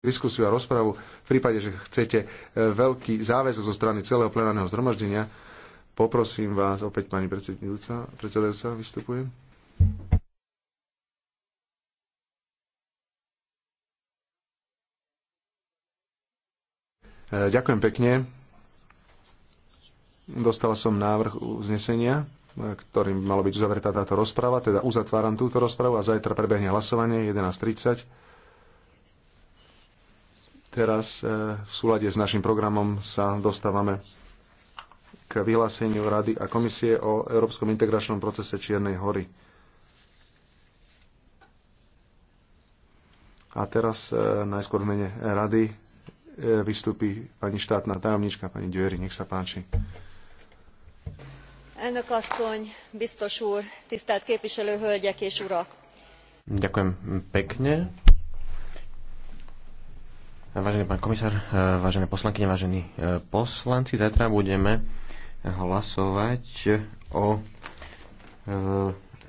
diskusiu a rozpravu v prípade, že chcete e, veľký záväzok zo strany celého plenárneho zhromaždenia. Poprosím vás, opäť pani predsedajúca, predsedajúca vystupujem. E, ďakujem pekne. Dostal som návrh uznesenia, e, ktorým malo byť uzavretá táto rozprava, teda uzatváram túto rozpravu a zajtra prebehne hlasovanie 11.30. Teraz e, v súlade s našim programom sa dostávame k vyhláseniu Rady a komisie o Európskom integračnom procese Čiernej hory. A teraz e, najskôr v mene Rady e, vystúpi pani štátna tajomnička, pani Djöri, nech sa páči. Elnök asszony, biztos úr, tisztelt képviselő hölgyek és urak! Ďakujem pekne Vážený pán komisár, e, vážené poslanky, vážení e, poslanci, zajtra budeme hlasovať o e,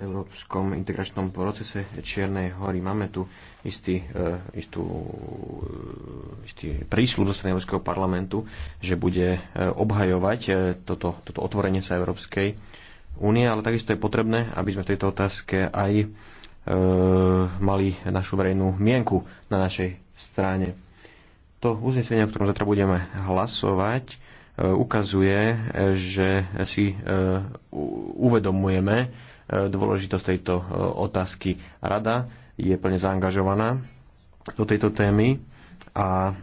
európskom integračnom procese Čiernej hory. Máme tu istý, istú, istý prísľub zo strany Európskeho parlamentu, že bude obhajovať toto, toto otvorenie sa Európskej únie, ale takisto je potrebné, aby sme v tejto otázke aj e, mali našu verejnú mienku na našej strane to uznesenie, o ktorom zatra budeme hlasovať, e, ukazuje, že si e, uvedomujeme e, dôležitosť tejto otázky. Rada je plne zaangažovaná do tejto témy a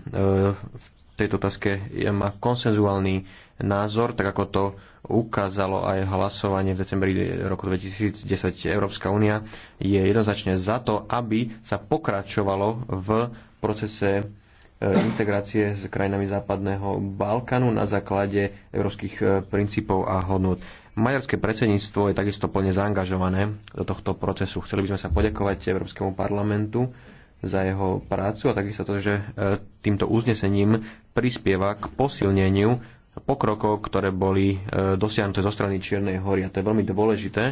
v tejto otázke má konsenzuálny názor, tak ako to ukázalo aj hlasovanie v decembri roku 2010. Európska únia je jednoznačne za to, aby sa pokračovalo v procese E, integrácie s krajinami západného Balkánu na základe európskych e, princípov a hodnot. Maďarské predsedníctvo je takisto plne zaangažované do tohto procesu. Chceli by sme sa poďakovať Európskemu parlamentu za jeho prácu a takisto to, že e, týmto uznesením prispieva k posilneniu pokrokov, ktoré boli dosiahnuté zo strany Čiernej hory. A to je veľmi dôležité,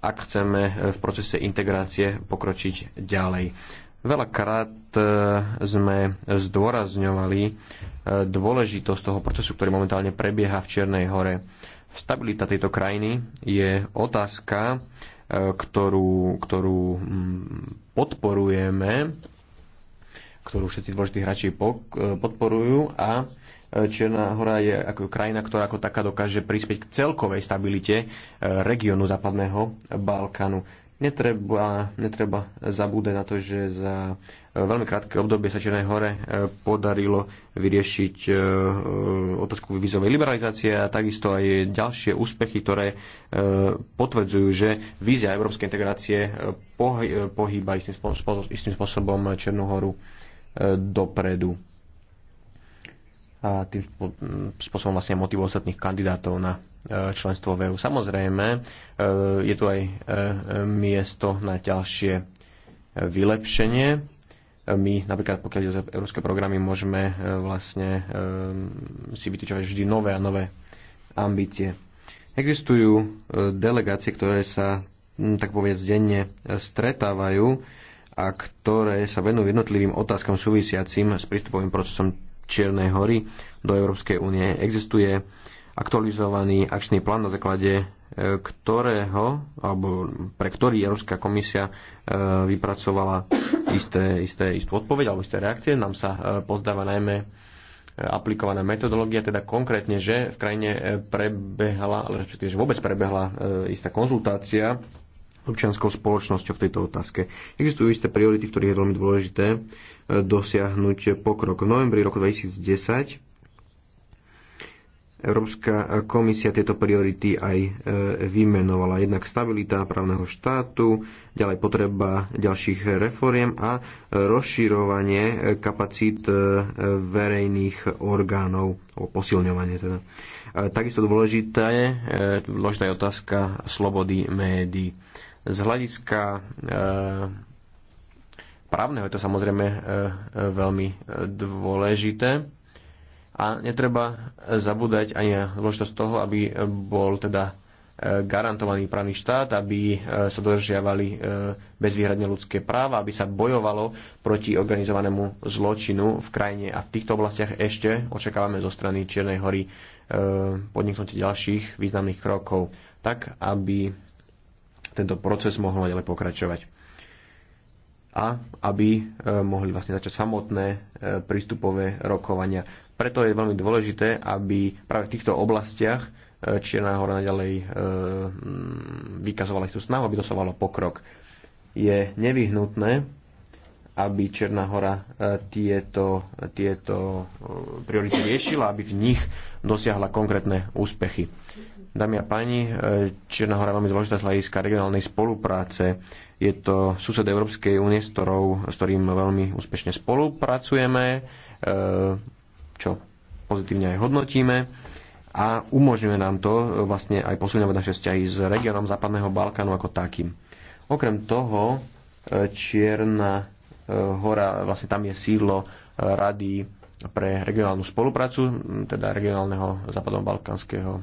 ak chceme v procese integrácie pokročiť ďalej. Veľakrát e, sme zdôrazňovali e, dôležitosť toho procesu, ktorý momentálne prebieha v Čiernej hore. Stabilita tejto krajiny je otázka, e, ktorú, ktorú mm, podporujeme, ktorú všetci dôležití hráči podporujú a Čierna hora je ako krajina, ktorá ako taká dokáže prispieť k celkovej stabilite regiónu Západného Balkánu. Netreba, netreba zabúdať na to, že za e, veľmi krátke obdobie sa Černej hore e, podarilo vyriešiť e, otázku vízovej liberalizácie a takisto aj ďalšie úspechy, ktoré potvrdzujú, že vízia európskej integrácie pohýba istým, spôsobom Černú horu dopredu a tým spôsobom vlastne motivu ostatných kandidátov na E, členstvo v EU. Samozrejme, e, je tu aj e, miesto na ďalšie vylepšenie. My napríklad, pokiaľ ide európske programy, môžeme vlastne si vytýčovať vždy nové a nové ambície. Existujú delegácie, ktoré sa tak povedz denne stretávajú a ktoré sa venujú jednotlivým otázkam súvisiacim s prístupovým procesom Čiernej hory do Európskej únie. Existuje aktualizovaný akčný plán, na základe e, ktorého, alebo pre ktorý Európska komisia e, vypracovala isté, isté, istú odpoveď alebo isté reakcie. Nám sa e, pozdáva najmä aplikovaná metodológia, teda konkrétne, že v krajine prebehla, respektíve, že vôbec prebehla istá konzultácia občianskou spoločnosťou v tejto otázke. Existujú isté priority, v ktorých je veľmi dôležité dosiahnuť pokrok. V novembri roku 2010 Európska komisia tieto priority aj e, vymenovala. Jednak stabilita právneho štátu, ďalej potreba ďalších reforiem a e, rozširovanie e, kapacít verejných orgánov, o posilňovanie teda. Takisto dôležitá je, dôležitá je otázka slobody médií. Z hľadiska právneho je to samozrejme veľmi dôležité a netreba zabúdať ani na dôležitosť toho, aby bol teda e, garantovaný právny štát, aby e, sa dodržiavali e, bezvýhradne ľudské práva, aby sa bojovalo proti organizovanému zločinu v krajine. A v týchto oblastiach ešte očakávame zo strany Čiernej hory podniknutie ďalších významných krokov, tak aby tento proces mohol ďalej pokračovať a aby mohli vlastne začať samotné prístupové rokovania preto je veľmi dôležité, aby práve v týchto oblastiach e, Čierna hora naďalej e, vykazovala tú snahu, aby dosovala pokrok. Je nevyhnutné, aby Černá hora e, tieto, tieto priority riešila, aby v nich dosiahla konkrétne úspechy. Dámy a páni, Čierna hora je veľmi dôležitá z hľadiska regionálnej spolupráce. Je to sused Európskej únie, s, ktorou, s ktorým veľmi úspešne spolupracujeme. E, čo pozitívne aj hodnotíme a umožňuje nám to vlastne aj posilňovať naše vzťahy s regiónom Západného Balkánu ako takým. Okrem toho, e, Čierna e, hora, vlastne tam je sídlo e, Rady pre regionálnu spoluprácu, teda regionálneho západobalkánskeho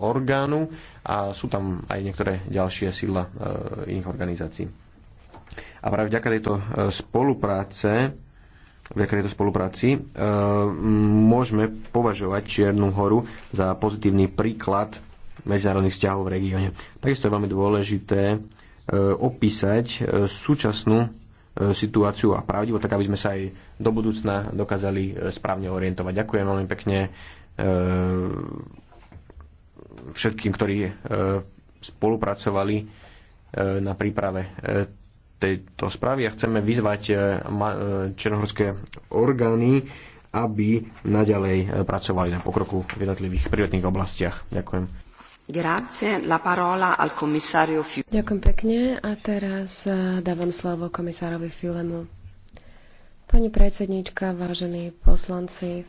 orgánu a sú tam aj niektoré ďalšie sídla iných organizácií. A práve vďaka tejto spolupráce vďaka tejto spolupráci e, môžeme považovať Čiernu horu za pozitívny príklad medzinárodných vzťahov v regióne. Takisto je veľmi dôležité e, opísať e, súčasnú situáciu a pravdivo, tak aby sme sa aj do budúcna dokázali správne orientovať. Ďakujem veľmi pekne všetkým, ktorí spolupracovali na príprave tejto správy a chceme vyzvať eh, eh, černohorské orgány, aby naďalej eh, pracovali na pokroku v jednotlivých prioritných oblastiach. Ďakujem. Ďakujem pekne a teraz dávam slovo komisárovi Filemu. Pani predsedníčka, vážení poslanci,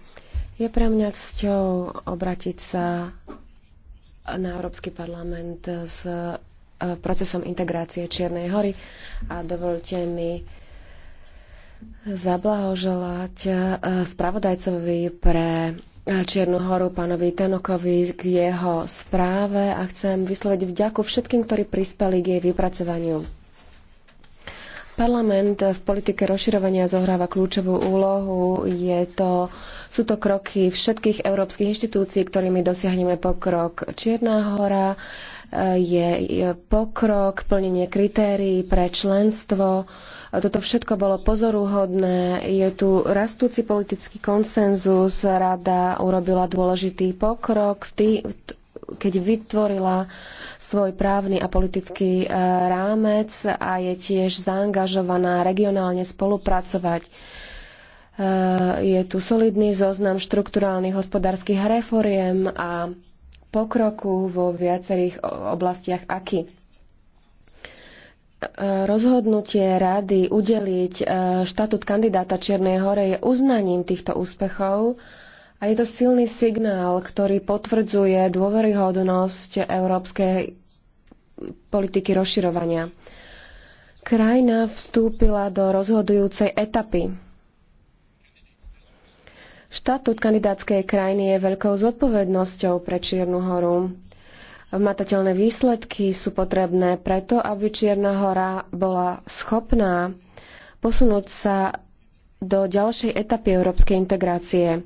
je pre mňa cťou obratiť sa na Európsky parlament s procesom integrácie Čiernej hory a dovolte mi zablahoželať e, spravodajcovi pre e, Čiernu horu pánovi Tenokovi k jeho správe a chcem vysloviť vďaku všetkým, ktorí prispeli k jej vypracovaniu. Parlament v politike rozširovania zohráva kľúčovú úlohu. Je to, sú to kroky všetkých európskych inštitúcií, ktorými dosiahneme pokrok. Čierna hora je pokrok, plnenie kritérií pre členstvo. Toto všetko bolo pozoruhodné. Je tu rastúci politický konsenzus. Rada urobila dôležitý pokrok v tý, keď vytvorila svoj právny a politický e, rámec a je tiež zaangažovaná regionálne spolupracovať. E, je tu solidný zoznam štrukturálnych hospodárskych reforiem a pokroku vo viacerých oblastiach aký. Rozhodnutie rady udeliť e, štatút kandidáta Čiernej hore je uznaním týchto úspechov a je to silný signál, ktorý potvrdzuje dôveryhodnosť európskej politiky rozširovania. Krajina vstúpila do rozhodujúcej etapy Štatút kandidátskej krajiny je veľkou zodpovednosťou pre Čiernu horu. Matateľné výsledky sú potrebné preto, aby Čierna hora bola schopná posunúť sa do ďalšej etapy európskej integrácie.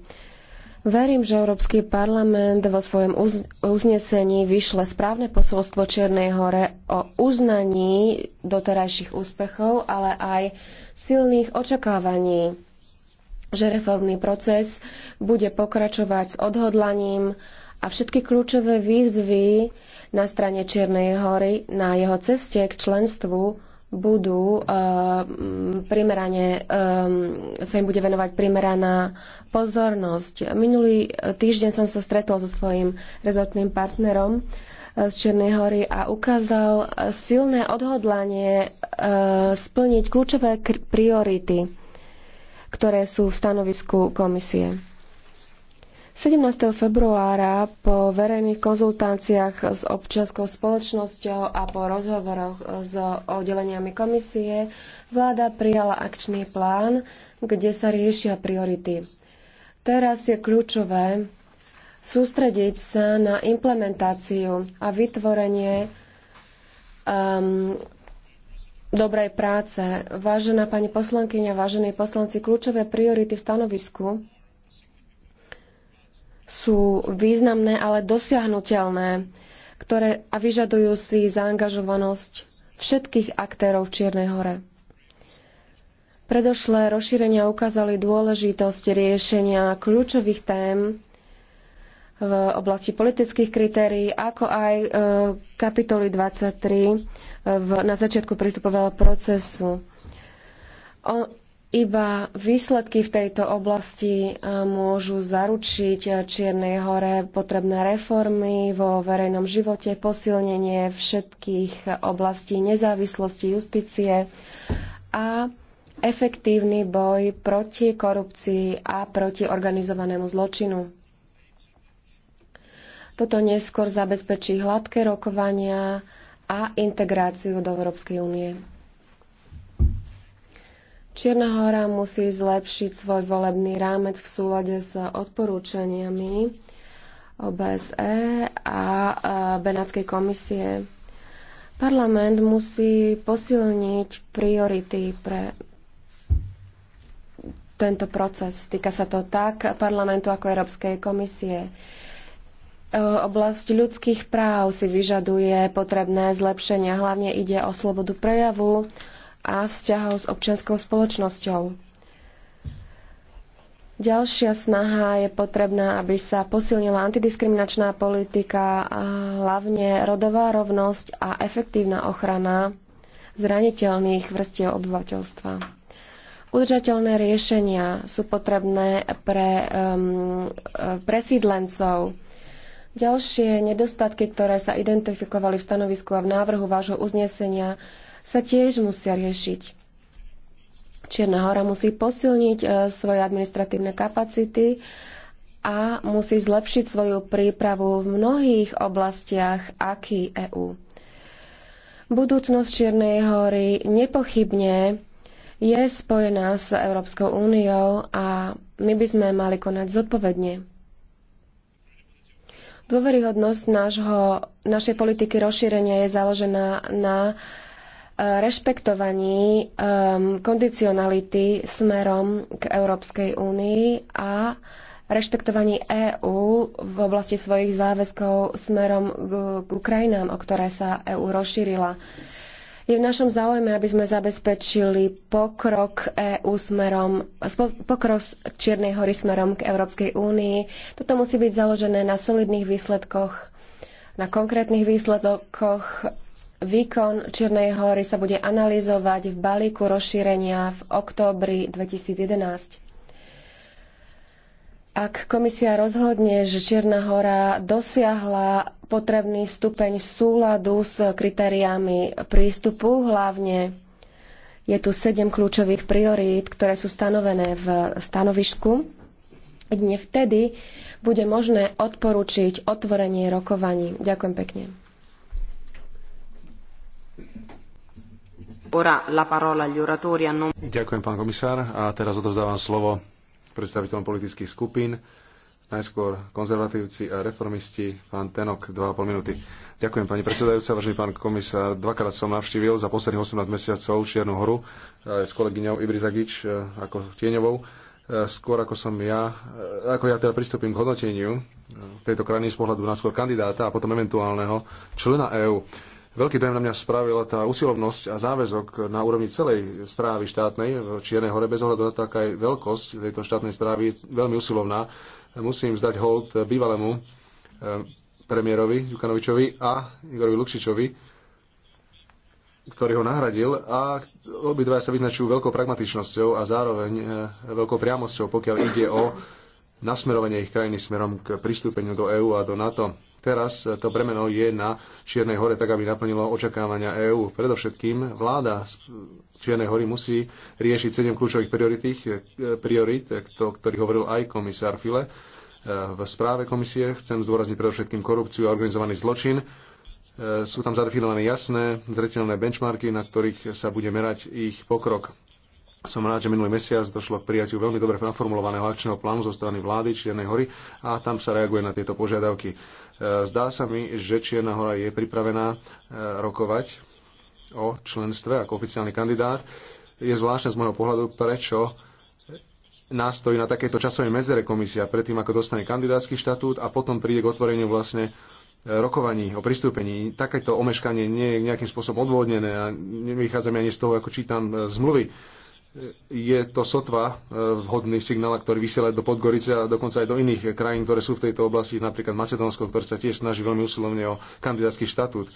Verím, že Európsky parlament vo svojom uznesení vyšle správne posolstvo Čiernej hore o uznaní doterajších úspechov, ale aj silných očakávaní že reformný proces bude pokračovať s odhodlaním a všetky kľúčové výzvy na strane Čiernej hory na jeho ceste k členstvu budú uh, primerane, um, sa im bude venovať primeraná pozornosť. Minulý eh, týždeň som sa stretol so svojím rezortným partnerom z Čiernej hory a ukázal silné odhodlanie uh, splniť kľúčové priority ktoré sú v stanovisku komisie. 17. februára po verejných konzultáciách s občianskou spoločnosťou a po rozhovoroch s oddeleniami komisie vláda prijala akčný plán, kde sa riešia priority. Teraz je kľúčové sústrediť sa na implementáciu a vytvorenie um, dobrej práce. Vážená pani poslankyňa, vážení poslanci, kľúčové priority v stanovisku sú významné, ale dosiahnutelné ktoré, a vyžadujú si zaangažovanosť všetkých aktérov v Čiernej hore. Predošlé rozšírenia ukázali dôležitosť riešenia kľúčových tém v oblasti politických kritérií, ako aj e, kapitoly 23 v, na začiatku prístupového procesu. O, iba výsledky v tejto oblasti e, môžu zaručiť Čiernej hore potrebné reformy vo verejnom živote, posilnenie všetkých oblastí nezávislosti justície a efektívny boj proti korupcii a proti organizovanému zločinu. Toto neskôr zabezpečí hladké rokovania a integráciu do Európskej únie. Čierna hora musí zlepšiť svoj volebný rámec v súlade s odporúčaniami OBSE a Benátskej komisie. Parlament musí posilniť priority pre tento proces. Týka sa to tak parlamentu ako Európskej komisie. E, oblasť ľudských práv si vyžaduje potrebné zlepšenia. Hlavne ide o slobodu prejavu a vzťahov s občianskou spoločnosťou. Ďalšia snaha je potrebná, aby sa posilnila antidiskriminačná politika, a hlavne rodová rovnosť a efektívna ochrana zraniteľných vrstiev obyvateľstva. Udržateľné riešenia sú potrebné pre um, e, presídlencov, Ďalšie nedostatky, ktoré sa identifikovali v stanovisku a v návrhu vášho uznesenia, sa tiež musia riešiť. Čierna hora musí posilniť e, svoje administratívne kapacity a musí zlepšiť svoju prípravu v mnohých oblastiach, aký EÚ. Budúcnosť Čiernej hory nepochybne je spojená s Európskou úniou a my by sme mali konať zodpovedne. Dôveryhodnosť nášho, našej politiky rozšírenia je založená na e, rešpektovaní um, kondicionality smerom k Európskej únii a rešpektovaní EÚ v oblasti svojich záväzkov smerom k, k krajinám, o ktoré sa EÚ rozšírila. Uh, je v našom záujme, aby sme zabezpečili pokrok EU smerom, pokrok z Čiernej hory smerom k Európskej únii. Toto musí byť založené na solidných výsledkoch, na konkrétnych výsledkoch. Výkon Čiernej hory sa bude analyzovať v balíku rozšírenia v októbri 2011. Ak komisia rozhodne, že Čierna hora dosiahla potrebný stupeň súladu s kritériami prístupu, hlavne je tu sedem kľúčových priorít, ktoré sú stanovené v stanovišku. Jedine vtedy bude možné odporučiť otvorenie rokovaní. Ďakujem pekne. Ďakujem, pán komisár. A teraz odovzdávam slovo predstaviteľom politických skupín. Najskôr konzervatívci a reformisti, pán Tenok, 2,5 minúty. Ďakujem, pani predsedajúca, vážený pán komisár. Dvakrát som navštívil za posledných 18 mesiacov Čiernu horu s kolegyňou Ibrizagič e, ako tieňovou e, skôr ako som ja, e, ako ja teda pristúpim k hodnoteniu tejto krajiny z pohľadu na skôr kandidáta a potom eventuálneho člena EÚ. Veľký dojem na mňa spravila tá usilovnosť a záväzok na úrovni celej správy štátnej v Čiernej hore, bez ohľadu na to, aká je veľkosť tejto štátnej správy, veľmi usilovná. Musím zdať hold bývalému eh, premiérovi Ďukanovičovi a Igorovi Lukšičovi, ktorý ho nahradil a obidva sa vyznačujú veľkou pragmatičnosťou a zároveň eh, veľkou priamosťou, pokiaľ ide o nasmerovanie ich krajiny smerom k pristúpeniu do EÚ a do NATO. Teraz to bremeno je na Čiernej hore, tak aby naplnilo očakávania EÚ. Predovšetkým vláda Čiernej hory musí riešiť sedem kľúčových priorit, o ktorých hovoril aj komisár File. E, v správe komisie chcem zdôrazniť predovšetkým korupciu a organizovaný zločin. E, sú tam zadefinované jasné, zretelné benchmarky, na ktorých sa bude merať ich pokrok. Som rád, že minulý mesiac došlo k prijatiu veľmi dobre naformulovaného akčného plánu zo strany vlády Čiernej hory a tam sa reaguje na tieto požiadavky. E, zdá sa mi, že Čierna hora je pripravená e, rokovať o členstve ako oficiálny kandidát. Je zvláštne z môjho pohľadu, prečo nástojí na takéto časovej medzere komisia predtým, ako dostane kandidátsky štatút a potom príde k otvoreniu vlastne e, rokovaní o pristúpení. Takéto omeškanie nie je nejakým spôsobom odvodnené a nevychádzame ani z toho, ako čítam zmluvy je to sotva e, vhodný signál, ktorý vysiela do Podgorice a dokonca aj do iných krajín, ktoré sú v tejto oblasti, napríklad Macedónsko, ktoré sa tiež snaží veľmi usilovne o kandidátsky štatút.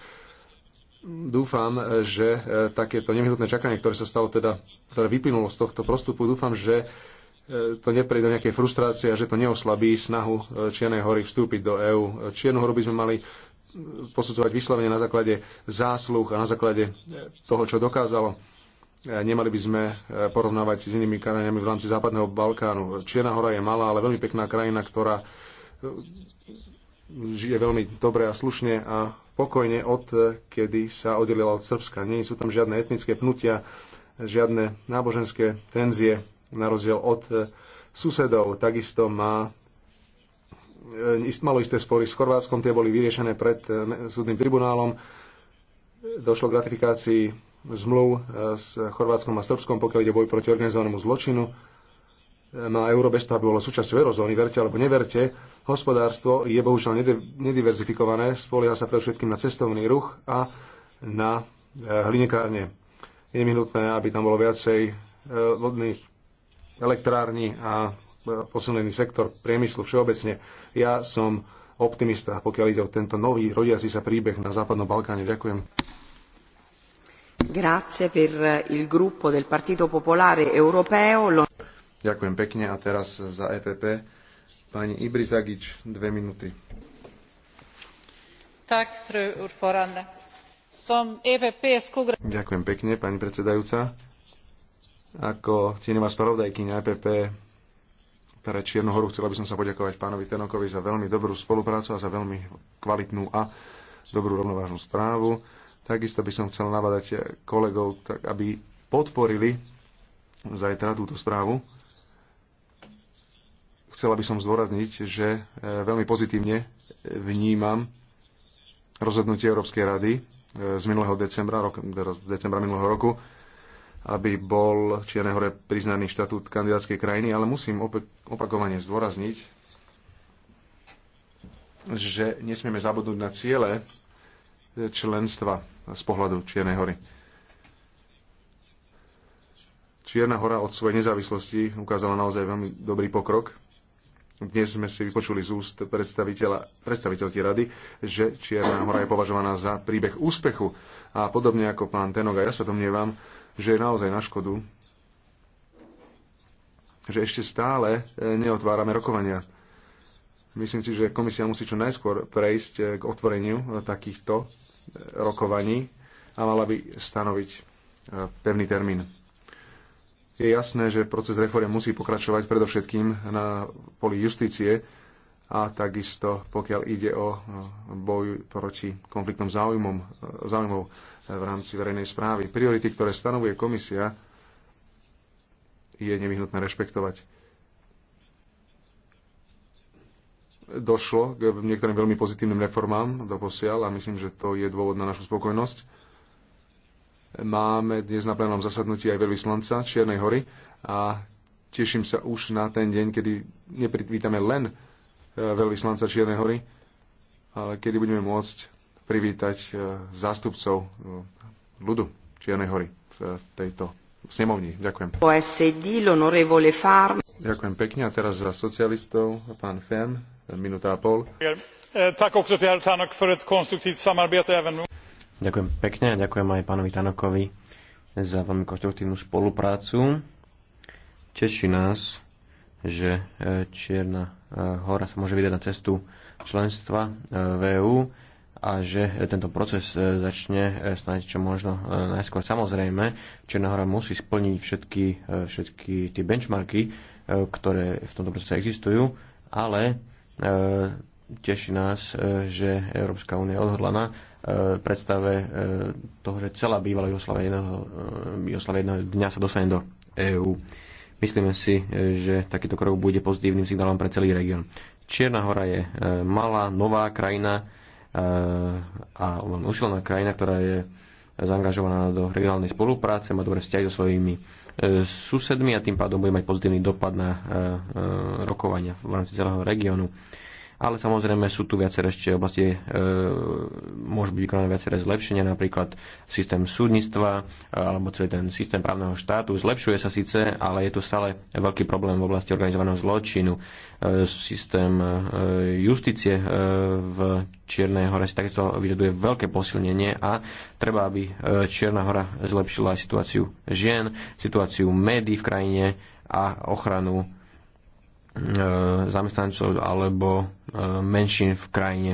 Dúfam, že e, takéto nevyhnutné čakanie, ktoré sa stalo teda, ktoré vyplynulo z tohto prostupu, dúfam, že e, to neprejde do nejakej frustrácie a že to neoslabí snahu Čiernej hory vstúpiť do EÚ. Čiernu horu by sme mali posudzovať vyslovene na základe zásluh a na základe toho, čo dokázalo E, nemali by sme e, porovnávať s inými krajinami v rámci Západného Balkánu. Čierna hora je malá, ale veľmi pekná krajina, ktorá e, žije veľmi dobre a slušne a pokojne od kedy sa oddelila od Srbska. Nie sú tam žiadne etnické pnutia, žiadne náboženské tenzie, na rozdiel od susedov. Takisto má malo isté spory s Chorvátskom, tie boli vyriešené pred súdnym tribunálom. Došlo k ratifikácii zmluv e, s Chorvátskom a Srbskom, pokiaľ ide boj proti organizovanému zločinu. E, na Eurobesta bolo súčasťou eurozóny, verte alebo neverte. Hospodárstvo je bohužiaľ nediverzifikované, spolieha sa predovšetkým na cestovný ruch a na e, hlinekárne. Je nevyhnutné, aby tam bolo viacej vodných elektrární a posilnený sektor priemyslu všeobecne. Ja som optimista, pokiaľ ide o tento nový rodiaci sa príbeh na Západnom Balkáne. Ďakujem. Ďakujem pekne a teraz za EPP pani Ibrizagič, dve minúty. E Ďakujem pekne, pani predsedajúca. Ako tieňová spravodajkyňa EPP pre Čiernu horu chcela by som sa poďakovať pánovi Tenokovi za veľmi dobrú spoluprácu a za veľmi kvalitnú a dobrú rovnovážnu správu Takisto by som chcel navadať kolegov, tak aby podporili zajtra túto správu. Chcela by som zdôrazniť, že e, veľmi pozitívne vnímam rozhodnutie Európskej rady e, z minulého decembra, rok, teda decembra minulého roku, aby bol Čierne hore priznaný štatút kandidátskej krajiny, ale musím opakovane zdôrazniť, že nesmieme zabudnúť na ciele členstva z pohľadu Čiernej hory. Čierna hora od svojej nezávislosti ukázala naozaj veľmi dobrý pokrok. Dnes sme si vypočuli z úst predstaviteľa, predstaviteľky rady, že Čierna hora je považovaná za príbeh úspechu. A podobne ako pán Tenoga, ja sa domnievam, že je naozaj na škodu, že ešte stále e, neotvárame rokovania. Myslím si, že komisia musí čo najskôr prejsť e, k otvoreniu e, takýchto rokovaní a mala by stanoviť e, pevný termín. Je jasné, že proces reforiem musí pokračovať predovšetkým na poli justície a takisto pokiaľ ide o e, boj proti konfliktom záujmom, e, záujmov v rámci verejnej správy. Priority, ktoré stanovuje komisia, je nevyhnutné rešpektovať došlo k niektorým veľmi pozitívnym reformám doposiaľ a myslím, že to je dôvod na našu spokojnosť. Máme dnes na plenom zasadnutí aj veľvyslanca Čiernej hory a teším sa už na ten deň, kedy neprivítame len e, veľvyslanca Čiernej hory, ale kedy budeme môcť privítať e, zástupcov e, ľudu Čiernej hory v tejto snemovni. Ďakujem. Ďakujem pekne. A teraz za socialistov pán Fem, minúta a pol. Ďakujem pekne a ďakujem aj pánovi Tanokovi za veľmi konštruktívnu spoluprácu. Teší nás, že e, Čierna e, hora sa môže vydať na cestu členstva e, v EU a že tento proces začne snáď čo možno najskôr. Samozrejme, Černá hora musí splniť všetky, všetky tie benchmarky, Eh, ktoré v tomto procese existujú, ale eh, teší nás, eh, že Európska únia je odhodlaná predstave toho, že celá bývalá Jugoslava jedného, jedného dňa sa dostane do EÚ. Myslíme si, že takýto krok bude pozitívnym signálom pre celý región. Čierna hora je malá, nová krajina a veľmi usilná krajina, ktorá je zaangažovaná do regionálnej spolupráce, má dobré vzťahy so svojimi s susedmi a tým pádom bude mať pozitívny dopad na e, e, rokovania v rámci celého regiónu ale samozrejme sú tu viaceré ešte oblasti, e, môžu byť vykonané viaceré zlepšenia, napríklad systém súdnictva e, alebo celý ten systém právneho štátu. Zlepšuje sa síce, ale je tu stále veľký problém v oblasti organizovaného zločinu. E, systém e, justície e, v Čiernej hore si takisto vyžaduje veľké posilnenie a treba, aby e, Čierna hora zlepšila aj situáciu žien, situáciu médií v krajine a ochranu E, zamestnancov alebo e, menšín v krajine.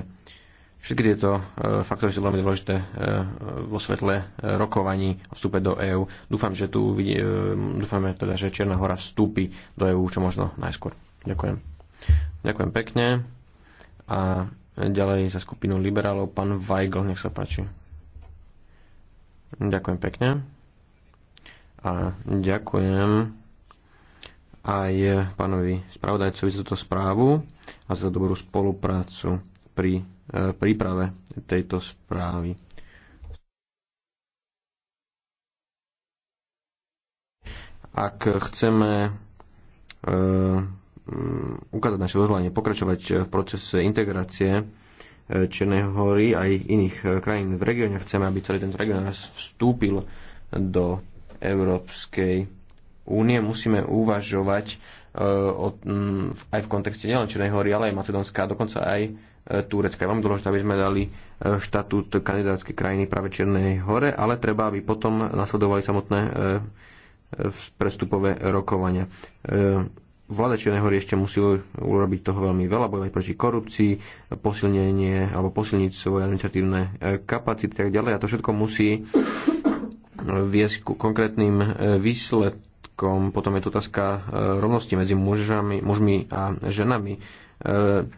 Všetky tieto e, faktory sú veľmi dôležité vo svetle rokovaní o vstupe do EÚ. Dúfam, že tu vidie, dúfame teda, že Čierna hora vstúpi do EÚ čo možno najskôr. Ďakujem. Ďakujem pekne. A ďalej za skupinu liberálov pán Weigl, nech sa páči. Ďakujem pekne. A ďakujem aj pánovi spravodajcovi za túto správu a za dobrú spoluprácu pri e, príprave tejto správy. Ak chceme e, mm, ukázať naše odhodlanie, pokračovať v procese integrácie e, Černej hory aj iných krajín v regióne, chceme, aby celý tento región vstúpil do Európskej únie musíme uvažovať e, aj v kontexte nielen Černej hory, ale aj Macedónska a dokonca aj e, Turecka. Je veľmi dôležité, aby sme dali e, štatút kandidátskej krajiny práve Černej hore, ale treba, aby potom nasledovali samotné prestupové rokovania. Vláda Čiernej hory ešte musí urobiť toho veľmi veľa, bojovať proti korupcii, posilnenie alebo posilniť svoje administratívne kapacity a tak ďalej. A to všetko musí viesť ku konkrétnym výsledkom Slovenskom. Potom je tu otázka e, rovnosti medzi mužami, mužmi a ženami, e,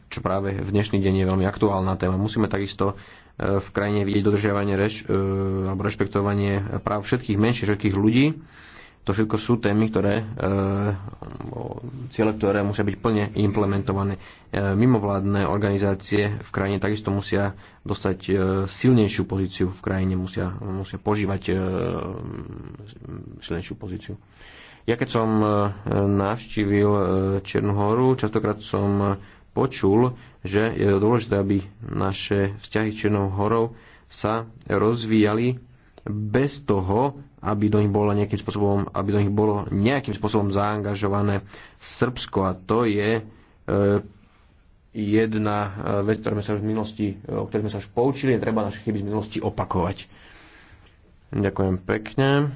čo práve v dnešný deň je veľmi aktuálna téma. Musíme takisto e, v krajine vidieť dodržiavanie reš, alebo rešpektovanie práv všetkých menších, všetkých ľudí. To všetko sú témy, ktoré, ciele, ktoré musia byť plne implementované. Mimovládne organizácie v krajine takisto musia dostať silnejšiu pozíciu v krajine, musia, musia požívať silnejšiu pozíciu. Ja keď som e, navštívil e, Černú horu, častokrát som e, počul, že je dôležité, aby naše vzťahy s Černou horou sa rozvíjali bez toho, aby do nich bolo nejakým spôsobom, aby do nich bolo nejakým spôsobom zaangažované Srbsko. A to je jedna vec, ktoré sa už v minulosti, o ktorej sme sa už poučili, treba naše chyby z minulosti opakovať. Ďakujem pekne.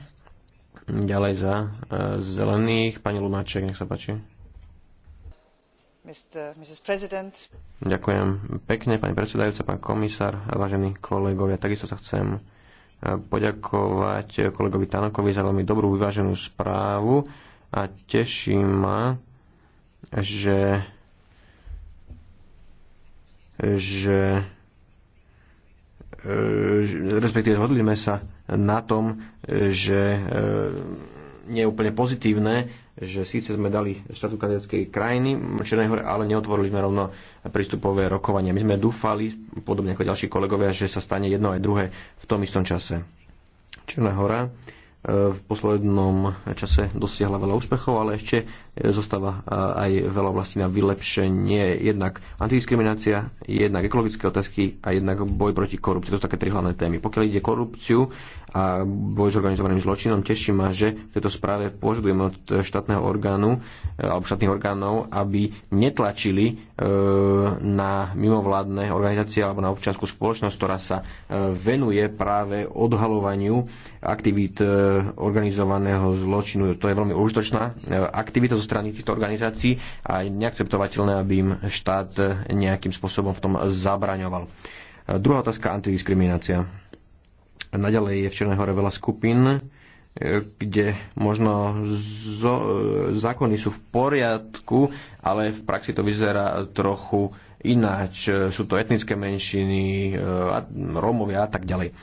Ďalej za e, zelených. Pani Lumáček, nech sa páči. Mr. Mrs. President. Ďakujem pekne, pani predsedajúca, pán komisár, vážení kolegovia. Takisto sa chcem e, poďakovať kolegovi Tanakovi za veľmi dobrú vyváženú správu a teší ma, že že E, respektíve zhodlíme sa na tom, e, že e, nie je úplne pozitívne, že síce sme dali štátu kandidátskej krajiny Černej hore, ale neotvorili sme rovno prístupové rokovania. My sme dúfali, podobne ako ďalší kolegovia, že sa stane jedno aj druhé v tom istom čase. Černá hora v poslednom čase dosiahla veľa úspechov, ale ešte zostáva aj veľa vlastí na vylepšenie. Jednak antidiskriminácia, jednak ekologické otázky a jednak boj proti korupcii. To sú také tri hlavné témy. Pokiaľ ide korupciu a boj s organizovaným zločinom, teší ma, že v tejto správe požadujeme od štátneho orgánu e, alebo štátnych orgánov, aby netlačili e, na mimovládne organizácie alebo na občianskú spoločnosť, ktorá sa e, venuje práve odhalovaniu aktivít organizovaného zločinu. To je veľmi užitočná aktivita zo strany týchto organizácií a je neakceptovateľné, aby im štát nejakým spôsobom v tom zabraňoval. Druhá otázka, antidiskriminácia. Naďalej je v Černej hore veľa skupín, e, kde možno zo, e, zákony sú v poriadku, ale v praxi to vyzerá trochu ináč. E, sú to etnické menšiny, Rómovia a tak ďalej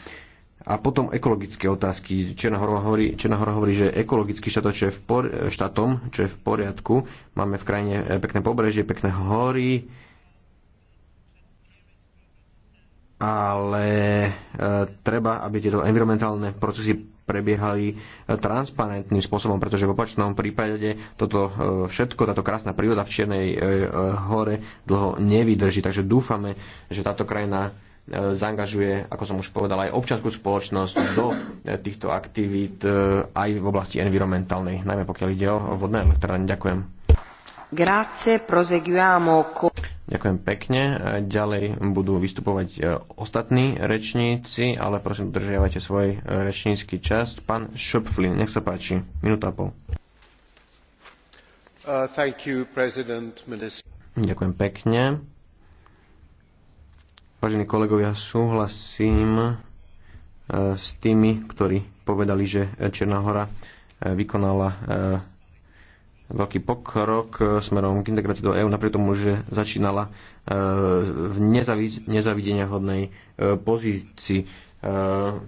a potom ekologické otázky. Černohora hovorí, Černohora hovorí že ekologický štát, čo je v por- štátom, čo je v poriadku. Máme v krajine eh, pekné pobrežie, pekné hory, ale e, treba, aby tieto environmentálne procesy prebiehali eh, transparentným spôsobom, pretože v opačnom prípade toto e, všetko, táto krásna príroda v Čiernej e, hore dlho nevydrží. Takže dúfame, že táto krajina E, zaangažuje, ako som už povedal, aj občanskú spoločnosť do e, týchto aktivít e, aj v oblasti environmentálnej, najmä pokiaľ ide o vodné elektrárne. Ďakujem. Grazie, proseguiamo. Ďakujem pekne. Ďalej budú vystupovať ostatní rečníci, ale prosím, udržiavajte svoj rečnícky čas. Pán Šopflin, nech sa páči. Minúta a pol. Uh, you, Ďakujem pekne Vážení kolegovia, súhlasím e, s tými, ktorí povedali, že Černá hora e, vykonala e, veľký pokrok smerom k integrácii do EÚ, napriek tomu, že začínala v nezavidenia hodnej pozícii.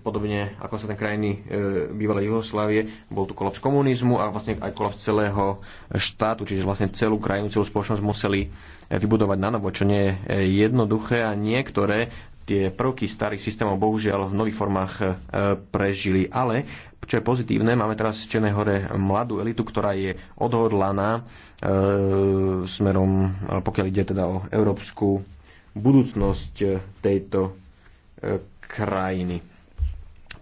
Podobne ako sa ten krajiny bývalej Jugoslávie, bol tu kolaps komunizmu a vlastne aj kolaps celého štátu, čiže vlastne celú krajinu, celú spoločnosť museli vybudovať na novo, čo nie je eh, jednoduché a niektoré tie prvky starých systémov bohužiaľ v nových formách eh, prežili. Ale čo je pozitívne, máme teraz v Černej hore mladú elitu, ktorá je odhodlaná e, smerom, pokiaľ ide teda o európsku budúcnosť tejto e, krajiny.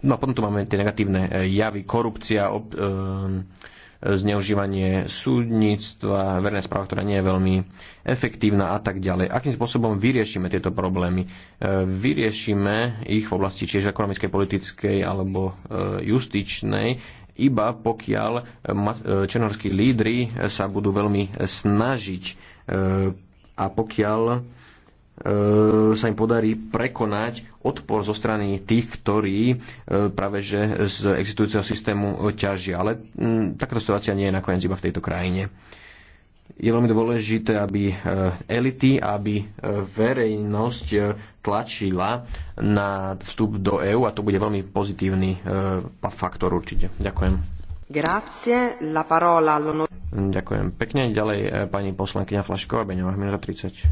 No a potom tu máme tie negatívne javy, korupcia, ob, e, zneužívanie súdnictva, verejná správa, ktorá nie je veľmi efektívna a tak ďalej. Akým spôsobom vyriešime tieto problémy? E, vyriešime ich v oblasti čiže ekonomickej, politickej alebo e, justičnej iba pokiaľ e, černorskí lídry sa budú veľmi snažiť a pokiaľ Eh, sa im podarí prekonať odpor zo strany tých, ktorí eh, práve že z existujúceho systému eh, ťažia. Ale mm, takáto situácia nie je nakoniec iba v tejto krajine. Je veľmi dôležité, aby elity, aby verejnosť tlačila na vstup do EÚ a to bude veľmi pozitívny faktor určite. Ďakujem. Grazie, la parola Ďakujem pekne. Ďalej pani poslankyňa Flašková, Beňová, minúta 30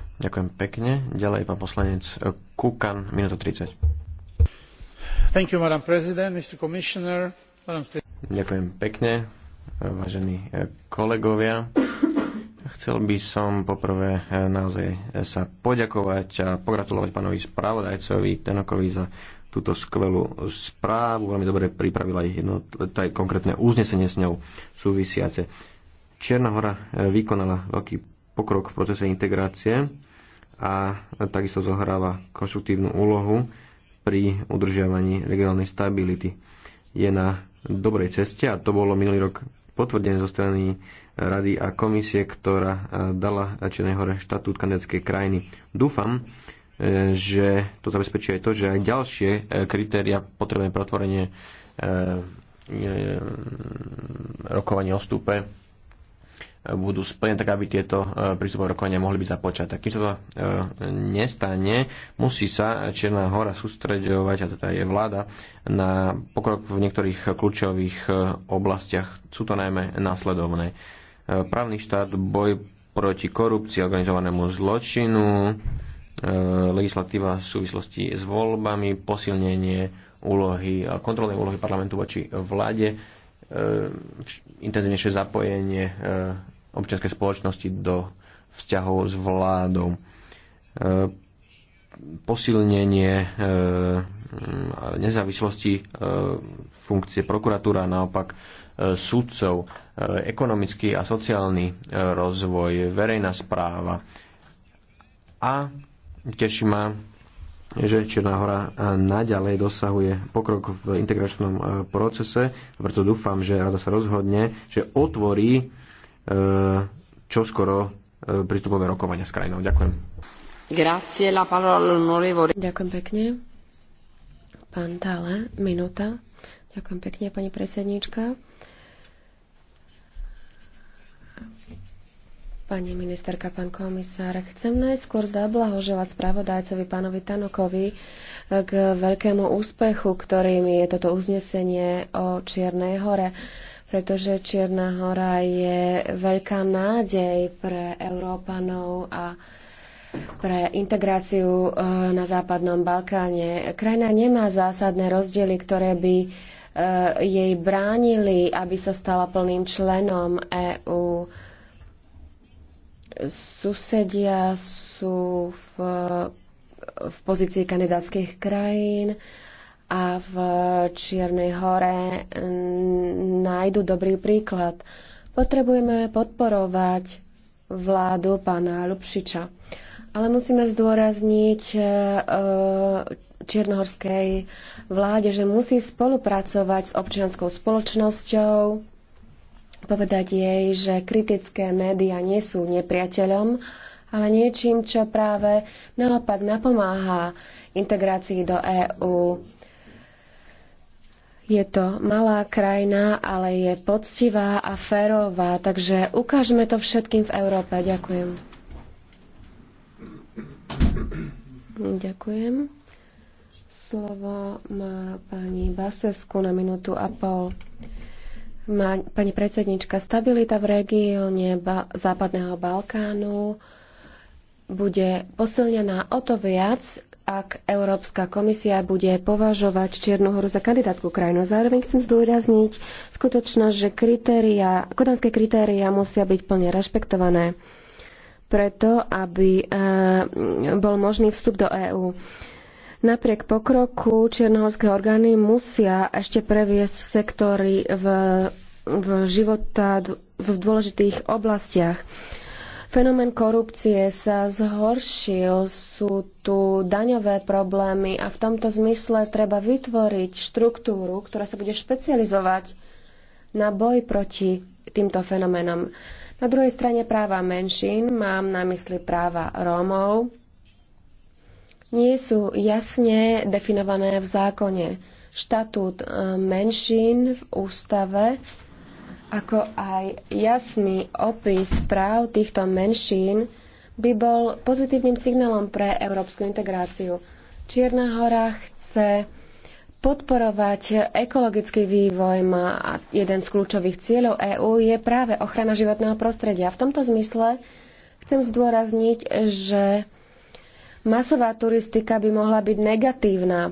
Ďakujem pekne. Ďalej pán poslanec Kukan, minúta 30. Thank you, Madam President, Mr. Commissioner. Madam Ďakujem pekne, vážení eh, kolegovia. Chcel by som poprvé eh, naozaj eh, sa poďakovať a pogratulovať pánovi spravodajcovi Tenokovi za túto skvelú správu. Veľmi dobre pripravila aj jedno, taj konkrétne uznesenie s ňou súvisiace. Černá hora vykonala veľký pokrok v procese integrácie a takisto zohráva konštruktívnu úlohu pri udržiavaní regionálnej stability. Je na dobrej ceste a to bolo minulý rok potvrdené zo strany Rady a komisie, ktorá e, dala Čiernej hore štatút kanadskej krajiny. Dúfam, e, že to zabezpečí aj to, že aj ďalšie e, kritéria potrebné pre otvorenie rokovania o vstupe budú splnené, tak aby tieto e, prístupové rokovania mohli byť započaté. Kým sa to e, nestane, musí sa Čierna hora sústreďovať, a teda je vláda, na pokrok v niektorých kľúčových e, oblastiach. Sú to najmä následovné. Právny štát, boj proti korupcii, organizovanému zločinu, legislatíva v súvislosti s voľbami, posilnenie úlohy, kontrolnej úlohy parlamentu voči vláde, E, intenzívnejšie zapojenie e, občianskej spoločnosti do vzťahov s vládou, e, posilnenie nezávislosti funkcie prokuratúra, naopak súdcov, ekonomický a sociálny rozvoj, verejná správa. A teší ma, že Čierna hora e, naďalej dosahuje pokrok v integračnom e, procese preto dúfam, že rada sa rozhodne, že otvorí e, čoskoro prístupové rokovania s krajinou. Ďakujem. Ďakujem pekne. Pán Tale, minúta. Ďakujem pekne, pani predsedníčka. Pani ministerka, pán komisár, chcem najskôr zablahoželať spravodajcovi pánovi Tanokovi eh, k veľkému úspechu, ktorým je toto uznesenie o Čiernej hore, pretože Čierna hora je veľká nádej pre Európanov a pre integráciu eh, na západnom Balkáne. Krajina nemá zásadné rozdiely, ktoré by eh, jej bránili, aby sa stala plným členom EÚ. Susedia sú v, v pozícii kandidátskych krajín a v Čiernej hore nájdu dobrý príklad. Potrebujeme podporovať vládu pána Lubšiča. Ale musíme zdôrazniť e, čiernohorskej vláde, že musí spolupracovať s občianskou spoločnosťou, povedať jej, že kritické médiá nie sú nepriateľom, ale niečím, čo práve naopak napomáha integrácii do EÚ. Je to malá krajina, ale je poctivá a férová, takže ukážme to všetkým v Európe. Ďakujem. Ďakujem. Slovo má pani Basesku na minútu a pol. Pani predsednička, stabilita v regióne ba- Západného Balkánu bude posilnená o to viac, ak Európska komisia bude považovať Čiernu horu za kandidátskú krajinu. Zároveň chcem zdôrazniť skutočnosť, že kritéria, kodanské kritéria musia byť plne rešpektované preto, aby e, bol možný vstup do EÚ. Napriek pokroku čiernohorské orgány musia ešte previesť sektory v v života v dôležitých oblastiach. Fenomén korupcie sa zhoršil, sú tu daňové problémy a v tomto zmysle treba vytvoriť štruktúru, ktorá sa bude špecializovať na boj proti týmto fenoménom. Na druhej strane práva menšín, mám na mysli práva Rómov, nie sú jasne definované v zákone. Štatút eh, menšín v ústave ako aj jasný opis práv týchto menšín by bol pozitívnym signálom pre európsku integráciu. Čierna hora chce podporovať ekologický vývoj a jeden z kľúčových cieľov EÚ je práve ochrana životného prostredia. V tomto zmysle chcem zdôrazniť, že masová turistika by mohla byť negatívna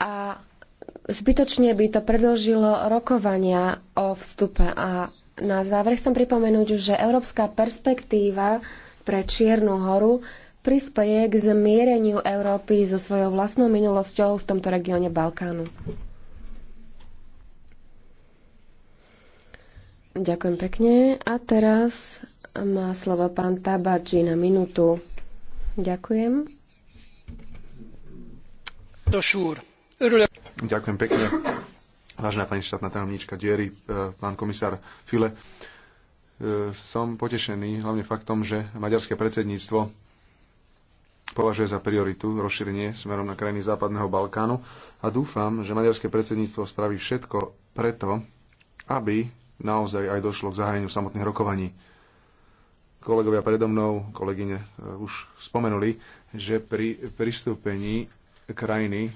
a Zbytočne by to predlžilo rokovania o vstupe a na záver chcem pripomenúť, že európska perspektíva pre Čiernu horu prispeje k zmiereniu Európy so svojou vlastnou minulosťou v tomto regióne Balkánu. Ďakujem pekne. A teraz má slovo pán Tabači na minútu. Ďakujem. To šúr. Ďakujem pekne. Vážená pani štátna tajomníčka Diery, e, pán komisár File, e, som potešený hlavne faktom, že maďarské predsedníctvo považuje za prioritu rozšírenie smerom na krajiny Západného Balkánu a dúfam, že maďarské predsedníctvo spraví všetko preto, aby naozaj aj došlo k zahájeniu samotných rokovaní. Kolegovia predo mnou, kolegyne e, už spomenuli, že pri pristúpení krajiny e,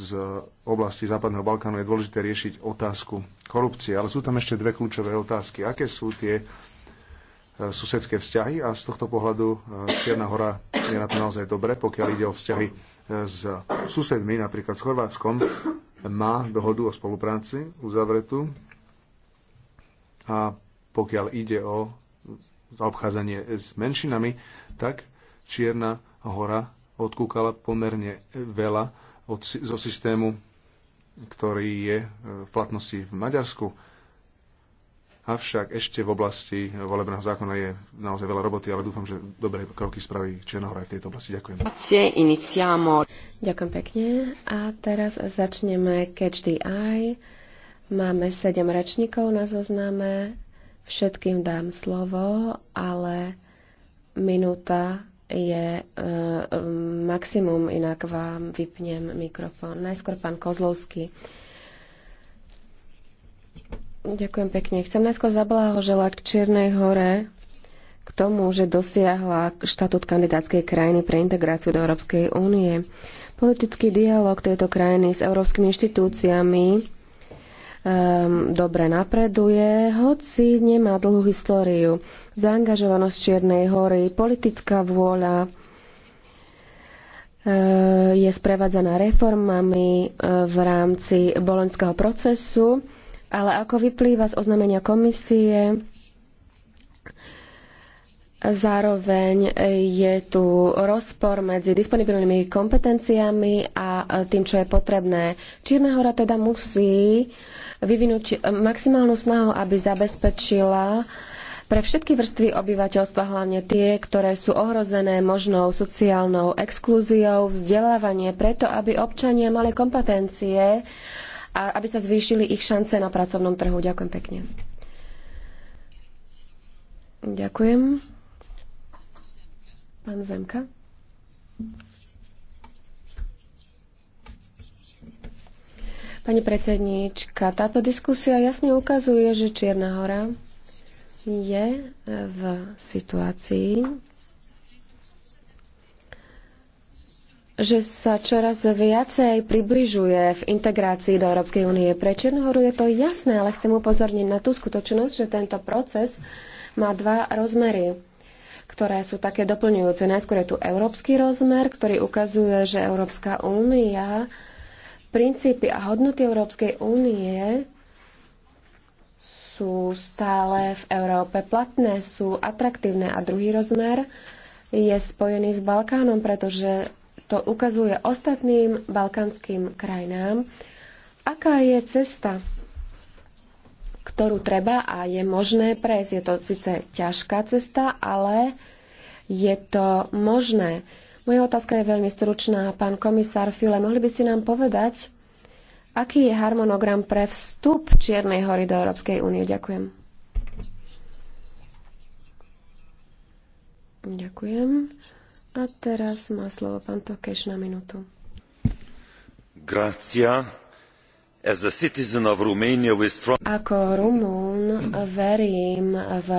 z oblasti Západného Balkánu je dôležité riešiť otázku korupcie. Ale sú tam ešte dve kľúčové otázky. Aké sú tie e, susedské vzťahy a z tohto pohľadu e, Čierna hora je na to naozaj dobre, pokiaľ ide o vzťahy s susedmi, napríklad s Chorvátskom, má dohodu o spolupráci uzavretú a pokiaľ ide o zaobchádzanie s menšinami, tak Čierna hora odkúkala pomerne veľa od, zo systému, ktorý je e, v platnosti v Maďarsku. Avšak ešte v oblasti volebného zákona je naozaj veľa roboty, ale dúfam, že dobré kroky spraví Černohora aj v tejto oblasti. Ďakujem. Ďakujem pekne. A teraz začneme Catch the Eye. Máme sedem rečníkov na zozname. Všetkým dám slovo, ale minúta je e, maximum, inak vám vypnem mikrofón. Najskôr pán Kozlovský. Ďakujem pekne. Chcem najskôr zablahoželať k Čiernej hore k tomu, že dosiahla štatút kandidátskej krajiny pre integráciu do Európskej únie. Politický dialog tejto krajiny s európskymi inštitúciami um, dobre napreduje, hoci nemá dlhú históriu. Zaangažovanosť Čiernej hory, politická vôľa, ehm, je sprevádzaná reformami ehm, v rámci boloňského procesu, ale ako vyplýva z oznamenia komisie, zároveň je tu rozpor medzi disponibilnými kompetenciami a e, tým, čo je potrebné. Čierna hora teda musí uh, vyvinúť eh, maximálnu snahu, aby zabezpečila pre všetky vrstvy obyvateľstva, hlavne tie, ktoré sú ohrozené možnou sociálnou exklúziou, vzdelávanie, preto aby občania mali kompetencie a aby sa zvýšili ich šance na pracovnom trhu. Ďakujem pekne. Ďakujem. Pán Zemka. Pani predsedníčka, táto diskusia jasne ukazuje, že Čierna hora je v situácii, že sa čoraz viacej približuje v integrácii do Európskej únie. Pre Čiernohoru je to jasné, ale chcem upozorniť na tú skutočnosť, že tento proces má dva rozmery ktoré sú také doplňujúce. Najskôr je tu európsky rozmer, ktorý ukazuje, že Európska únia princípy a hodnoty Európskej únie sú stále v Európe platné, sú atraktívne. A druhý rozmer je spojený s Balkánom, pretože to ukazuje ostatným balkánskym krajinám, aká je cesta, ktorú treba a je možné prejsť. Je to síce ťažká cesta, ale je to možné. Moja otázka je veľmi stručná. Pán komisár File, mohli by ste nám povedať, aký je harmonogram pre vstup Čiernej hory do Európskej únie? Ďakujem. Ďakujem. A teraz má slovo pán Tokeš na minútu. Gracia. As a citizen of Romania with strong... Ako Rumún verím v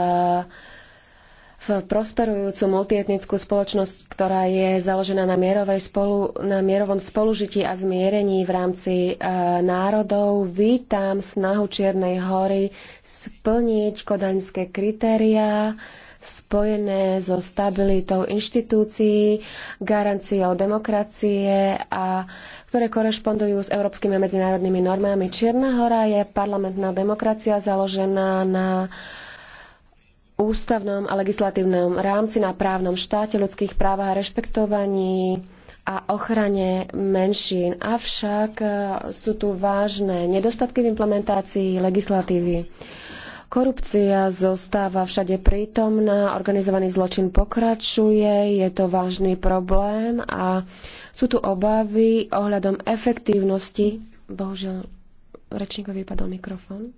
v prosperujúcu multietnickú spoločnosť, ktorá je založená na, spolu, na mierovom spolužití a zmierení v rámci e, národov. Vítam snahu Čiernej hory splniť kodaňské kritériá spojené so stabilitou inštitúcií, garanciou demokracie a ktoré korešpondujú s európskymi a medzinárodnými normami. Čierna hora je parlamentná demokracia založená na ústavnom a legislatívnom rámci na právnom štáte, ľudských právach a rešpektovaní a ochrane menšín. Avšak e, sú tu vážne nedostatky v implementácii legislatívy. Korupcia zostáva všade prítomná, organizovaný zločin pokračuje, je to vážny problém a sú tu obavy ohľadom efektívnosti. Bohužiaľ, rečníkovi vypadol mikrofón.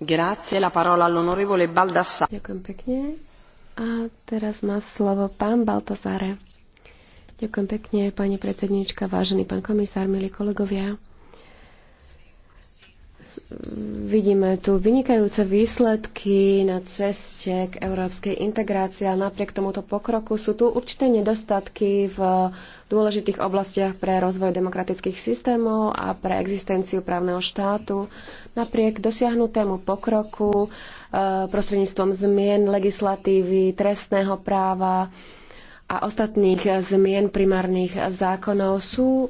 Grazie, la parola all'onorevole Baldassare. Ďakujem pekne. A teraz má slovo pán Baltasare. Ďakujem pekne, pani predsedníčka, vážený pán komisár, milí kolegovia. Vidíme tu vynikajúce výsledky na ceste k európskej integrácii a napriek tomuto pokroku sú tu určité nedostatky v dôležitých oblastiach pre rozvoj demokratických systémov a pre existenciu právneho štátu. Napriek dosiahnutému pokroku e, prostredníctvom zmien legislatívy, trestného práva a ostatných zmien primárnych zákonov sú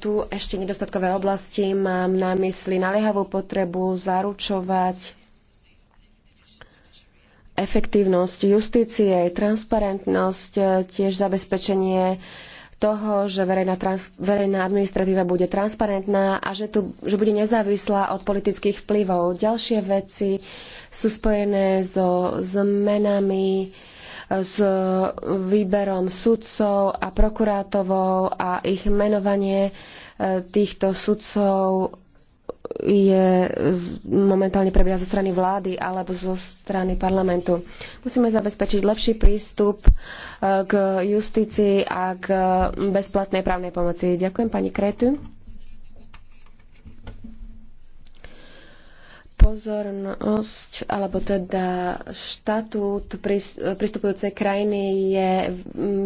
tu ešte nedostatkové oblasti. Mám na mysli naliehavú potrebu zaručovať efektívnosť justície, transparentnosť, tiež zabezpečenie toho, že verejná, trans, verejná administratíva bude transparentná a že, tu, že bude nezávislá od politických vplyvov. Ďalšie veci sú spojené so zmenami s výberom sudcov a prokurátovou a ich menovanie e, týchto sudcov je momentálne prebieha zo strany vlády alebo zo strany parlamentu. Musíme zabezpečiť lepší prístup e, k justícii a k bezplatnej právnej pomoci. Ďakujem pani Kretu. pozornosť, alebo teda štatút pristupujúcej krajiny je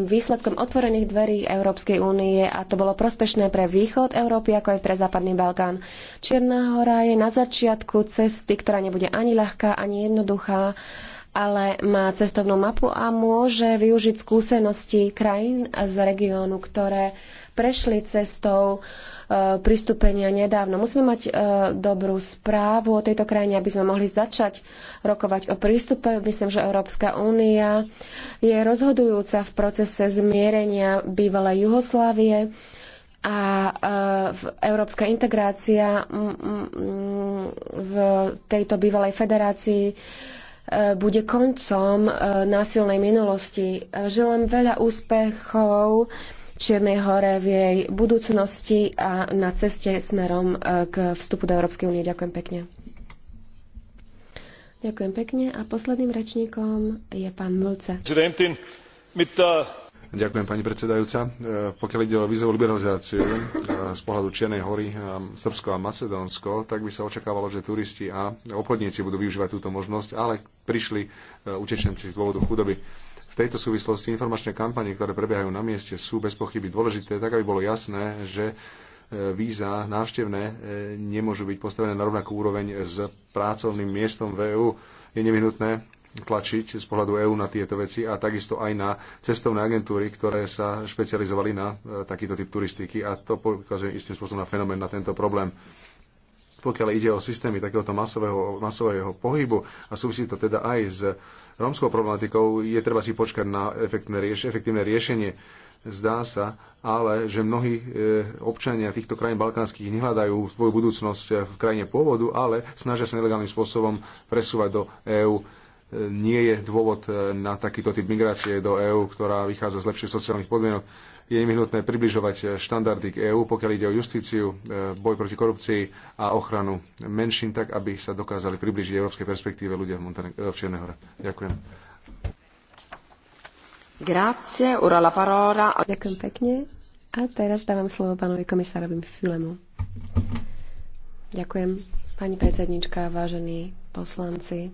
výsledkom otvorených dverí Európskej únie a to bolo prospešné pre východ Európy, ako aj pre západný Balkán. Čierna hora je na začiatku cesty, ktorá nebude ani ľahká, ani jednoduchá, ale má cestovnú mapu a môže využiť skúsenosti krajín z regiónu, ktoré prešli cestou pristúpenia nedávno. Musíme mať e, dobrú správu o tejto krajine, aby sme mohli začať rokovať o prístupe. Myslím, že Európska únia je rozhodujúca v procese zmierenia bývalej Juhoslávie a e, európska integrácia v tejto bývalej federácii e, bude koncom násilnej minulosti. Želám veľa úspechov Čiernej hore, v jej budúcnosti a na ceste smerom e, k vstupu do Európskej únie. Ďakujem pekne. Ďakujem pekne. A posledným rečníkom je pán Mlce. Ďakujem, pani predsedajúca. E, pokiaľ ide o vízovú liberalizáciu e, z pohľadu Čiernej hory, Srbsko a Macedónsko, tak by sa očakávalo, že turisti a obchodníci budú využívať túto možnosť, ale prišli utečenci z dôvodu chudoby. V tejto súvislosti informačné kampanie, ktoré prebiehajú na mieste, sú bez pochyby dôležité, tak aby bolo jasné, že e, víza návštevné e, nemôžu byť postavené na rovnakú úroveň s pracovným miestom v EÚ. Je nevyhnutné tlačiť z pohľadu EÚ na tieto veci a takisto aj na cestovné agentúry, ktoré sa špecializovali na e, takýto typ turistiky a to pokazuje istým spôsobom na fenomén, na tento problém pokiaľ ide o systémy takéhoto masového, masového pohybu a súvisí to teda aj s rómskou problematikou, je treba si počkať na efektívne, rieš- efektívne riešenie. Zdá sa ale, že mnohí e, občania týchto krajín balkánskych nehľadajú svoju budúcnosť v krajine pôvodu, ale snažia sa nelegálnym spôsobom presúvať do EÚ nie je dôvod e, na takýto typ migrácie do EÚ, ktorá vychádza z lepších sociálnych podmienok. Je nevyhnutné približovať e, štandardy k EÚ, pokiaľ ide o justíciu, e, boj proti korupcii a ochranu menšín, tak aby sa dokázali približiť európskej perspektíve ľudia v, Monteneg- v Čiernej hore. Ďakujem. Grazie, ora la parola. Ďakujem pekne. A teraz dávam slovo pánovi komisárovi Filemu. Ďakujem, pani predsednička, vážení poslanci.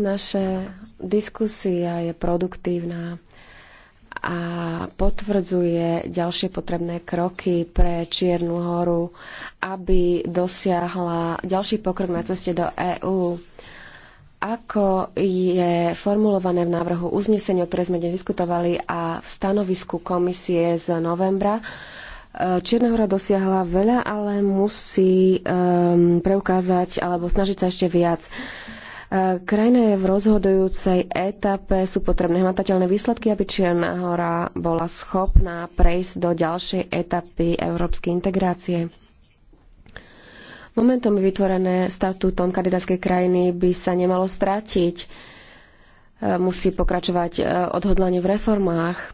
Naša diskusia je produktívna a potvrdzuje ďalšie potrebné kroky pre Čiernu horu, aby dosiahla ďalší pokrok na ceste do EÚ. Ako je formulované v návrhu uznesenia, ktoré sme diskutovali a v stanovisku komisie z novembra, eh, Čierna hora dosiahla veľa, ale musí um, preukázať alebo snažiť sa ešte viac. Uh, Krajina je v rozhodujúcej etape, sú potrebné hmatateľné výsledky, aby Čierna hora bola schopná prejsť do ďalšej etapy európskej integrácie. Momentom vytvorené statútom kandidátskej krajiny by sa nemalo stratiť. E, musí pokračovať e, odhodlanie v reformách.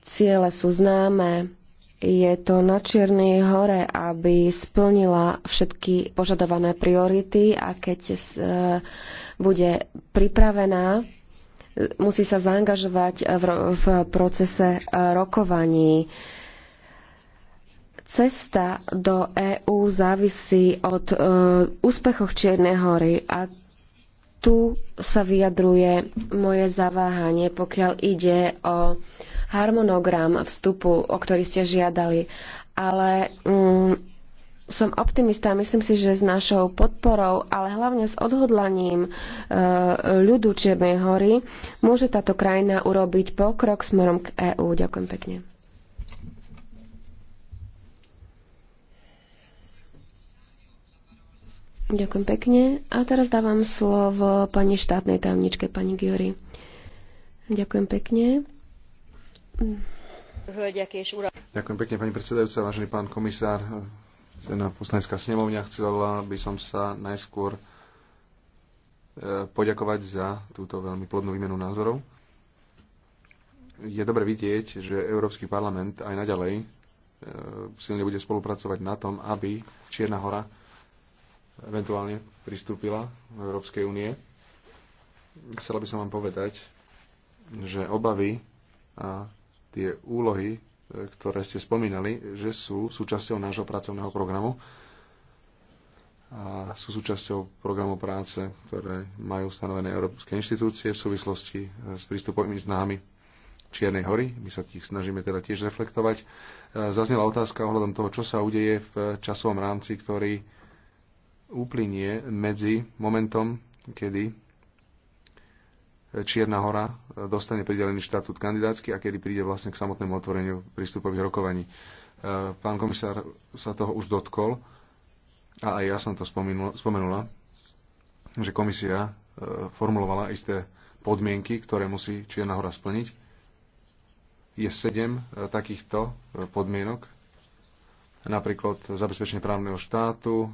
Ciele sú známe je to na Čiernej hore, aby splnila všetky požadované priority a keď e, bude pripravená, musí sa zaangažovať v, procese e, rokovaní. Cesta do EÚ závisí od e, úspechov Čiernej hory a tu sa vyjadruje moje zaváhanie, pokiaľ ide o harmonogram vstupu, o ktorý ste žiadali. Ale mm, som optimista, myslím si, že s našou podporou, ale hlavne s odhodlaním e, ľudu Čiernej hory môže táto krajina urobiť pokrok smerom k EÚ. Ďakujem pekne. Ďakujem pekne. A teraz dávam slovo pani štátnej tajomničke, pani Giori. Ďakujem pekne. Ďakujem pekne, pani predsedajúca, vážený pán komisár, cená poslanecká snemovňa. Chcela by som sa najskôr e, poďakovať za túto veľmi plodnú výmenu názorov. Je dobre vidieť, že Európsky parlament aj naďalej e, silne bude spolupracovať na tom, aby Čierna hora eventuálne pristúpila v Európskej únie. Chcela by som vám povedať, že obavy a tie úlohy, e, ktoré ste spomínali, že sú súčasťou nášho pracovného programu a sú súčasťou programu práce, ktoré majú stanovené európske inštitúcie v súvislosti e, s prístupovými známi Čiernej hory. My sa tých snažíme teda tiež reflektovať. E, zaznela otázka ohľadom toho, čo sa udeje v časovom rámci, ktorý uplynie medzi momentom, kedy Čierna hora e, dostane pridelený štatút kandidátsky a kedy príde vlastne k samotnému otvoreniu prístupových rokovaní. E, pán komisár sa toho už dotkol a aj ja som to spomenula, spomenula že komisia e, formulovala isté podmienky, ktoré musí Čierna hora splniť. Je sedem takýchto podmienok, napríklad zabezpečenie právneho štátu,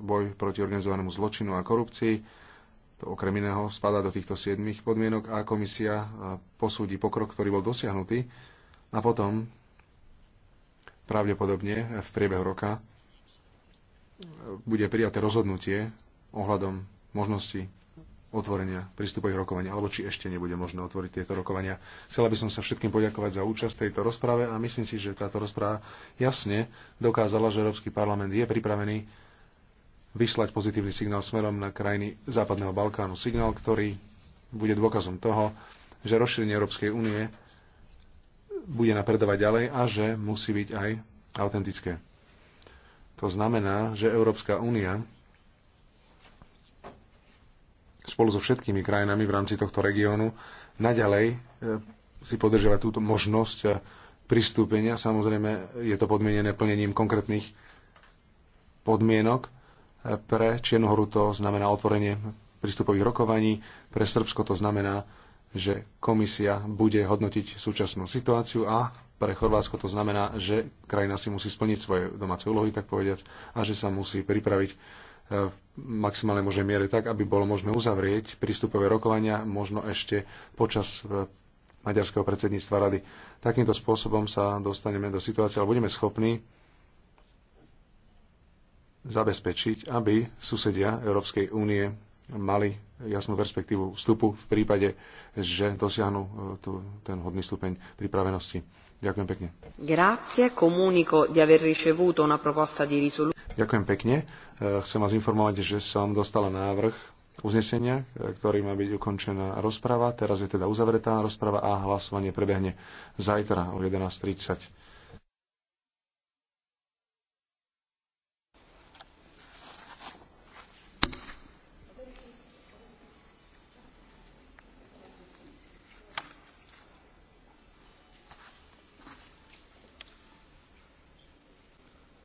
boj proti organizovanému zločinu a korupcii, to okrem iného spadá do týchto siedmých podmienok a komisia e, posúdi pokrok, ktorý bol dosiahnutý a potom pravdepodobne v priebehu roka e, bude prijaté rozhodnutie ohľadom možnosti otvorenia prístupových rokovania, alebo či ešte nebude možné otvoriť tieto rokovania. Chcela by som sa všetkým poďakovať za účasť v tejto rozprave a myslím si, že táto rozpráva jasne dokázala, že Európsky parlament je pripravený vyslať pozitívny signál smerom na krajiny Západného Balkánu. Signál, ktorý bude dôkazom toho, že rozšírenie Európskej únie bude napredovať ďalej a že musí byť aj autentické. To znamená, že Európska únia spolu so všetkými krajinami v rámci tohto regiónu naďalej e, si podržiava túto možnosť e, pristúpenia. Samozrejme, je to podmienené plnením konkrétnych podmienok, pre Čiernohoru to znamená otvorenie prístupových rokovaní, pre Srbsko to znamená, že komisia bude hodnotiť súčasnú situáciu a pre Chorvátsko to znamená, že krajina si musí splniť svoje domáce úlohy, tak povediac, a že sa musí pripraviť e, v maximálnej možnej miere tak, aby bolo možné uzavrieť prístupové rokovania možno ešte počas e, maďarského predsedníctva rady. Takýmto spôsobom sa dostaneme do situácie, ale budeme schopní zabezpečiť, aby susedia Európskej únie mali jasnú perspektívu vstupu v prípade, že dosiahnu e, tu, ten hodný stupeň pripravenosti. Ďakujem pekne. Grazie, comunico di aver ricevuto una proposta di risoluzione. Ďakujem pekne. E, chcem vás informovať, že som dostala návrh uznesenia, e, ktorý má byť ukončená rozprava. Teraz je teda uzavretá rozprava a hlasovanie prebehne zajtra o 11.30.